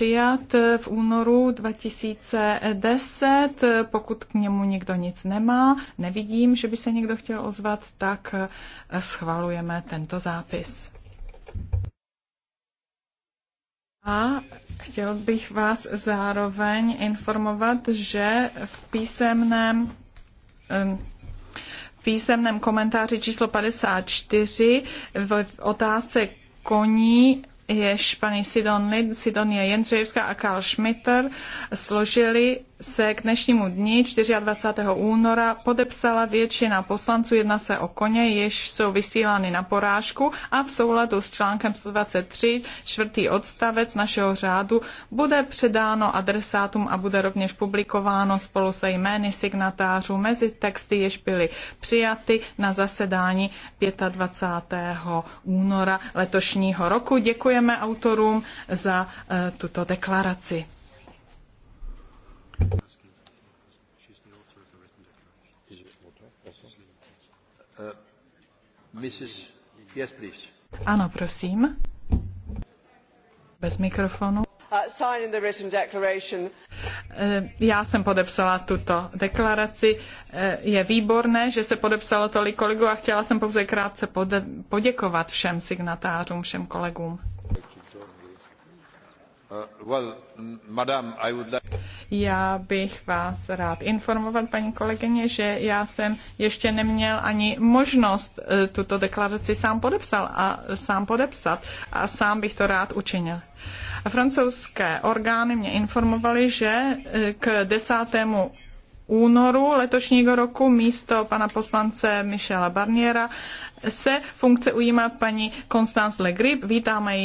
přijat v únoru 2010. Pokud k němu nikdo nic nemá, nevidím, že by se někdo chtěl ozvat, tak schvalujeme tento zápis. A chtěl bych vás zároveň informovat, že v písemném v písemném komentáři číslo 54 v otázce koní jež paní Sidon Sidonie Jendřejevská a Karl Schmitter složili se k dnešnímu dni 24. února podepsala většina poslanců, jedná se o koně, jež jsou vysílány na porážku a v souladu s článkem 123, čtvrtý odstavec našeho řádu, bude předáno adresátům a bude rovněž publikováno spolu se jmény signatářů mezi texty, jež byly přijaty na zasedání 25. února letošního roku. Děkujeme autorům za eh, tuto deklaraci. Uh, Mrs. Yes, please. Ano, prosím. Bez mikrofonu. Uh, uh, já jsem podepsala tuto deklaraci. Je výborné, že se podepsalo tolik kolegů a chtěla jsem pouze krátce poděkovat všem signatářům, všem kolegům. Uh, well, madam, like... Já bych vás rád informoval, paní kolegyně, že já jsem ještě neměl ani možnost e, tuto deklaraci sám podepsal a sám podepsat a sám bych to rád učinil. A francouzské orgány mě informovaly, že e, k 10 únoru letošního roku místo pana poslance Michela Barniera se funkce ujímá paní Constance Legrip. Vítáme ji